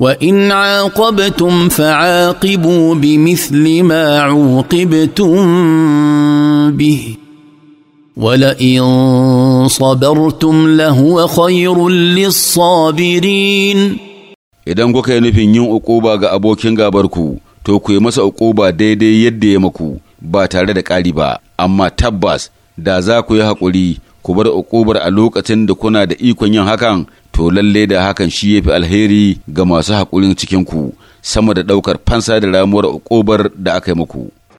وان عاقبتم فعاقبوا بمثل ما عوقبتم به ولئن صبرتم لهو خير للصابرين idan kuka yi nufin yin uquba ga abokin gabarku to ku yi masa uquba daidai yadda ya maku ba tare da ƙari ba amma tabbas da za ku yi haƙuri ku bar uqubar a lokacin da kuna da ikon yin hakan to lalle da hakan shi ya fi alheri ga masu haƙurin cikinku sama da ɗaukar fansa da ramuwar ƙobar da aka yi muku.